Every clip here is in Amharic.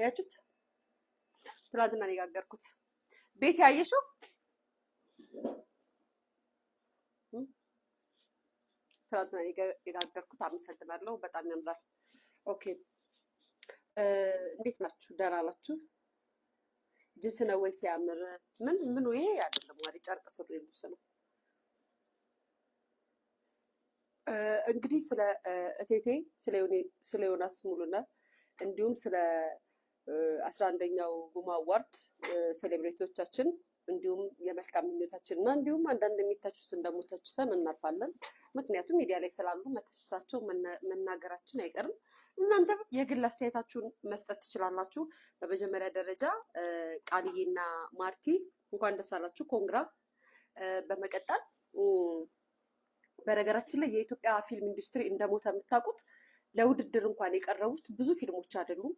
አያችሁት? ትናንትና የጋገርኩት። ቤት ያየሽው ትናንትና የጋገርኩት። አመሰግናለሁ። በጣም ያምራል። ኦኬ፣ እንዴት ናችሁ? ደህና ናችሁ? ጅንስ ነው ወይ ሲያምር! ምን ምኑ ይሄ አይደለም ዋሪ ጨርቅ ሱሪ ልብስ ነው። እንግዲህ ስለ እቴቴ ስለ ዮናስ ሙሉነ እንዲሁም ስለ አስራ አንደኛው ጉማ አዋርድ ሴሌብሬቶቻችን እንዲሁም የመልካም ምኞታችን እና እንዲሁም አንዳንድ የሚታችሁትን ደግሞ ተችተን እናልፋለን። ምክንያቱም ሚዲያ ላይ ስላሉ መተችታቸው መናገራችን አይቀርም። እናንተ የግል አስተያየታችሁን መስጠት ትችላላችሁ። በመጀመሪያ ደረጃ ቃልዬና ማርቲ እንኳን ደስ አላችሁ፣ ኮንግራ። በመቀጠል በነገራችን ላይ የኢትዮጵያ ፊልም ኢንዱስትሪ እንደሞተ የምታውቁት ለውድድር እንኳን የቀረቡት ብዙ ፊልሞች አይደሉም።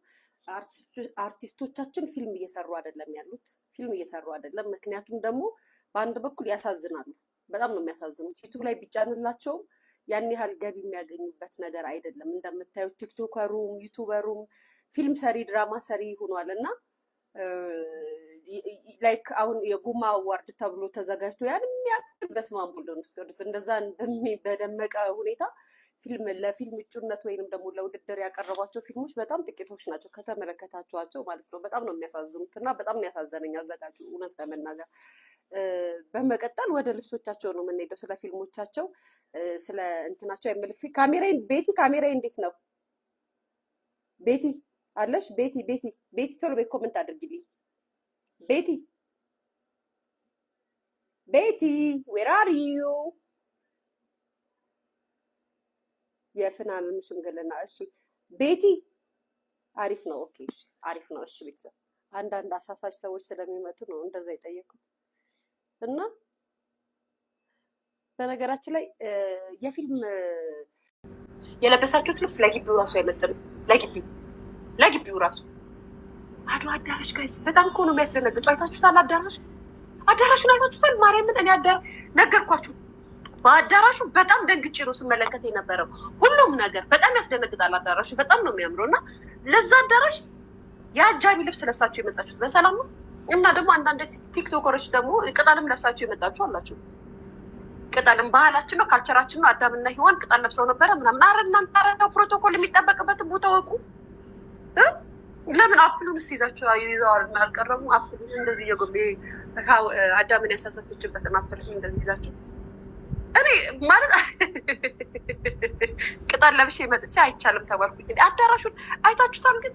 አርቲስቶቻችን ፊልም እየሰሩ አይደለም ያሉት ፊልም እየሰሩ አይደለም። ምክንያቱም ደግሞ በአንድ በኩል ያሳዝናሉ፣ በጣም ነው የሚያሳዝኑት። ዩቱብ ላይ ቢጫንላቸውም ያን ያህል ገቢ የሚያገኙበት ነገር አይደለም። እንደምታዩት ቲክቶከሩም ዩቱበሩም ፊልም ሰሪ ድራማ ሰሪ ሆኗል እና ላይክ አሁን የጉማ አዋርድ ተብሎ ተዘጋጅቶ ያን የሚያክል በስመ አብ ወልድ ቅዱስ እንደዛ በደመቀ ሁኔታ ፊልም ለፊልም እጩነት ወይንም ደግሞ ለውድድር ያቀረቧቸው ፊልሞች በጣም ጥቂቶች ናቸው ከተመለከታችኋቸው ማለት ነው። በጣም ነው የሚያሳዝኑት እና በጣም ያሳዘነኝ አዘጋጁ እውነት ለመናገር። በመቀጠል ወደ ልብሶቻቸው ነው የምንሄደው። ስለ ፊልሞቻቸው ስለ እንትናቸው የምል ካሜራ ቤቲ ካሜራ እንዴት ነው ቤቲ አለሽ? ቤቲ ቤቲ ቤቲ ቶሎ ቤት ኮመንት አድርጊልኝ ቤቲ ቤቲ ዌር አር ዩ የፍናንም ሽምግልና እሺ፣ ቤቲ አሪፍ ነው። ኦኬ፣ እሺ፣ አሪፍ ነው። እሺ፣ ቤተሰብ አንዳንድ አሳሳች ሰዎች ስለሚመጡ ነው እንደዛ የጠየኩት እና በነገራችን ላይ የፊልም የለበሳችሁት ልብስ ለግቢው ራሱ አይመጥንም። ለግቢው ለግቢው ራሱ አዶ አዳራሽ ጋይስ በጣም እኮ ነው የሚያስደነግጡ። አይታችሁታል? አዳራሽ አዳራሹን አይታችሁታል? ማርያምን እኔ አዳር ነገርኳችሁ። በአዳራሹ በጣም ደንግጬ ነው ስመለከት የነበረው። ሁሉም ነገር በጣም ያስደነግጣል። አዳራሹ በጣም ነው የሚያምረው እና ለዛ አዳራሽ የአጃቢ ልብስ ለብሳችሁ የመጣችሁት በሰላም ነው እና ደግሞ አንዳንድ ቲክቶከሮች ደግሞ ቅጠልም ለብሳችሁ የመጣችሁ አላችሁ። ቅጠልም ባህላችን ነው ካልቸራችን ነው። አዳምና ሔዋን ቅጠል ለብሰው ነበረ ምናምን። አረ እናንተ አረ ፕሮቶኮል የሚጠበቅበት ቦታ ወቁ። ለምን አፕሉን ስ ይዛቸው ይዘዋል አልቀረሙ። አፕሉን እንደዚህ አዳምን ያሳሳተችበትን አፕል እንደዚህ ይዛቸው እኔ ማለት ቅጠል ለብሼ መጥቼ አይቻልም ተባልኩ። እንግዲህ አዳራሹን አይታችሁታል። ግን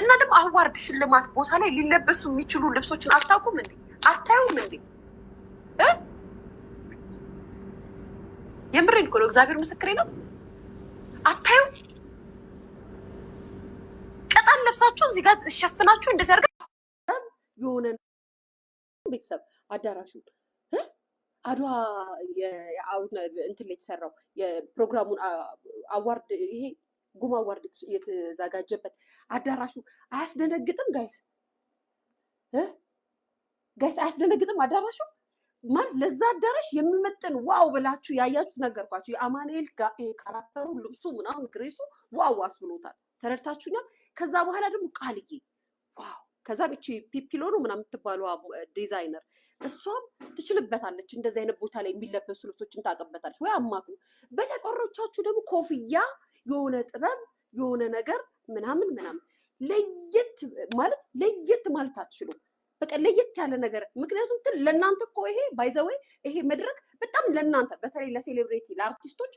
እና ደግሞ አዋርድ ሽልማት ቦታ ላይ ሊለበሱ የሚችሉ ልብሶችን አታውቁም እንዴ? አታዩም እንዴ? የምሬን እኮ ነው። እግዚአብሔር ምስክሬ ነው። አታዩ ቅጠል ለብሳችሁ እዚህ ጋር ሸፍናችሁ እንደዚህ አድርጋ የሆነ ቤተሰብ አዳራሹን አድዋ አሁን እንትን ላይ የተሰራው የፕሮግራሙን አዋርድ ይሄ ጉማ አዋርድ የተዘጋጀበት አዳራሹ አያስደነግጥም? ጋይስ ጋይስ አያስደነግጥም አዳራሹ ማለት ለዛ አዳራሽ የሚመጥን ዋው ብላችሁ ያያችሁት ነገርኳችሁ። የአማኑኤል ካራክተሩ፣ ልብሱ፣ ምናምን ግሬሱ ዋው አስብሎታል። ተረድታችሁኛል። ከዛ በኋላ ደግሞ ቃልዬ ዋው ከዛ ቢቺ ፒፒሎኑ ምናምን የምትባሉ ዲዛይነር እሷም ትችልበታለች። እንደዚህ አይነት ቦታ ላይ የሚለበሱ ልብሶችን ታቀበታለች ወይ አማክሩ። በተቆሮቻችሁ ደግሞ ኮፍያ የሆነ ጥበብ የሆነ ነገር ምናምን ምናምን ለየት ማለት ለየት ማለት አትችሉም። በቃ ለየት ያለ ነገር ምክንያቱም ለእናንተ እኮ ይሄ ባይዘወይ ይሄ መድረክ በጣም ለእናንተ በተለይ ለሴሌብሬቲ ለአርቲስቶች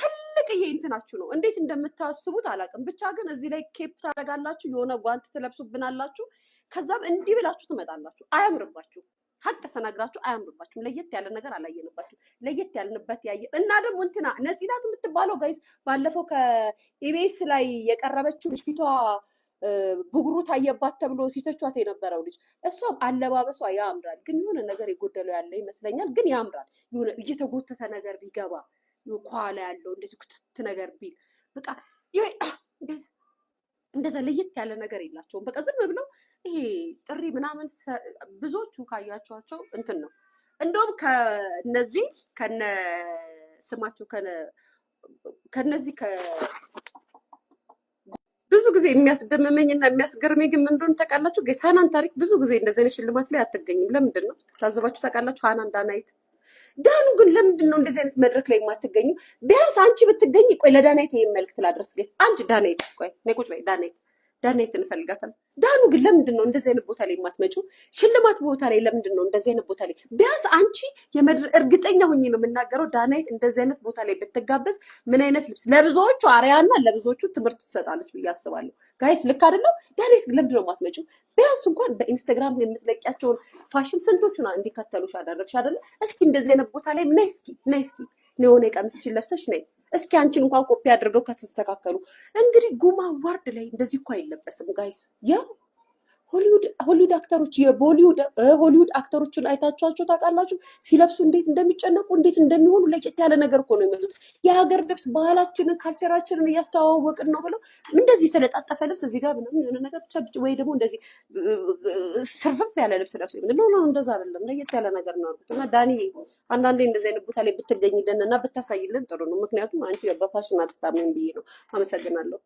ትልቅ ይሄ እንትናችሁ ነው። እንዴት እንደምታስቡት አላውቅም። ብቻ ግን እዚህ ላይ ኬፕ ታደርጋላችሁ፣ የሆነ ጓንት ትለብሱብናላችሁ፣ ከዛም እንዲህ ብላችሁ ትመጣላችሁ። አያምርባችሁ ሀቅ ተሰናግራችሁ አያምርባችሁም። ለየት ያለ ነገር አላየንባችሁ። ለየት ያልንበት ያየ እና ደግሞ እንትና ነፂ ናት የምትባለው ጋይስ፣ ባለፈው ከኢቤስ ላይ የቀረበችው ልጅ ፊቷ ብጉሩ ታየባት ተብሎ ሲተቿት የነበረው ልጅ እሷም አለባበሷ ያምራል፣ ግን የሆነ ነገር የጎደለው ያለ ይመስለኛል። ግን ያምራል የሆነ እየተጎተተ ነገር ቢገባ ከኋላ ያለው እንደዚህ ክትት ነገር ቢል በቃ እንደዛ ለየት ያለ ነገር የላቸውም። በቃ ዝም ብለው ይሄ ጥሪ ምናምን ብዙዎቹ ካያቸዋቸው እንትን ነው። እንደውም ከነዚህ ከነ ስማቸው ከነዚህ ብዙ ጊዜ የሚያስደምመኝ እና የሚያስገርመኝ ግን ምን እንደሆነ ታውቃላችሁ? ታሪክ ብዙ ጊዜ እንደዚህ አይነት ሽልማት ላይ አትገኝም። ለምንድን ነው ታዘባችሁ ታውቃላችሁ? ሀናን እንዳናይት ዳኑ ግን ለምንድን ነው እንደዚህ አይነት መድረክ ላይ የማትገኙ? ቢያንስ አንቺ ብትገኝ ቆይ ለዳናይት ይሄን መልክት ላድረስ። አንቺ ዳናይት ቆይ ነይ ቁጭ በይ ዳናይት ዳናይት እንፈልጋታለን። ዳኑ ግን ለምንድን ነው እንደዚህ አይነት ቦታ ላይ የማትመጪው? ሽልማት ቦታ ላይ ለምንድን ነው እንደዚህ አይነት ቦታ ላይ ቢያንስ አንቺ የመድር እርግጠኛ ሆኜ ነው የምናገረው። ዳናይት እንደዚህ አይነት ቦታ ላይ ብትጋበዝ ምን አይነት ልብስ ለብዙዎቹ አርያና ለብዙዎቹ ትምህርት ትሰጣለች ብዬ አስባለሁ። ጋይስ ልክ አይደለው? ዳናይት ግን ለምንድን ነው የማትመጪው? ቢያንስ እንኳን በኢንስታግራም የምትለቂያቸውን ፋሽን ስንቶቹን እንዲከተሉሽ አደረግሽ አደለ? እስኪ እንደዚህ አይነት ቦታ ላይ ነይ እስኪ ነይ እስኪ የሆነ ቀሚስ ለብሰሽ ነይ እስኪ አንቺን እንኳን ኮፒ አድርገው ከተስተካከሉ እንግዲህ ጉማ ዋርድ ላይ እንደዚህ እኮ አይለበስም ጋይስ ያው ሆሊውድ አክተሮች የሆሊውድ አክተሮችን አይታችኋቸው ታውቃላችሁ? ሲለብሱ እንዴት እንደሚጨነቁ እንዴት እንደሚሆኑ ለየት ያለ ነገር እኮ ነው የሚሉት። የሀገር ልብስ ባህላችንን ካልቸራችንን እያስተዋወቅን ነው ብለው እንደዚህ የተለጣጠፈ ልብስ እዚህ ጋር ምናምን የሆነ ነገር ብቻ ወይ ደግሞ እንደዚህ ስርፍፍ ያለ ልብስ ለብሶ ምንድነው ነው እንደዛ አይደለም፣ ለየት ያለ ነገር ነው ያሉት። እና ዳኒ አንዳንዴ እንደዚህ አይነት ቦታ ላይ ብትገኝልን እና ብታሳይልን ጥሩ ነው። ምክንያቱም አንቺ በፋሽን አትታመን ብዬ ነው። አመሰግናለሁ።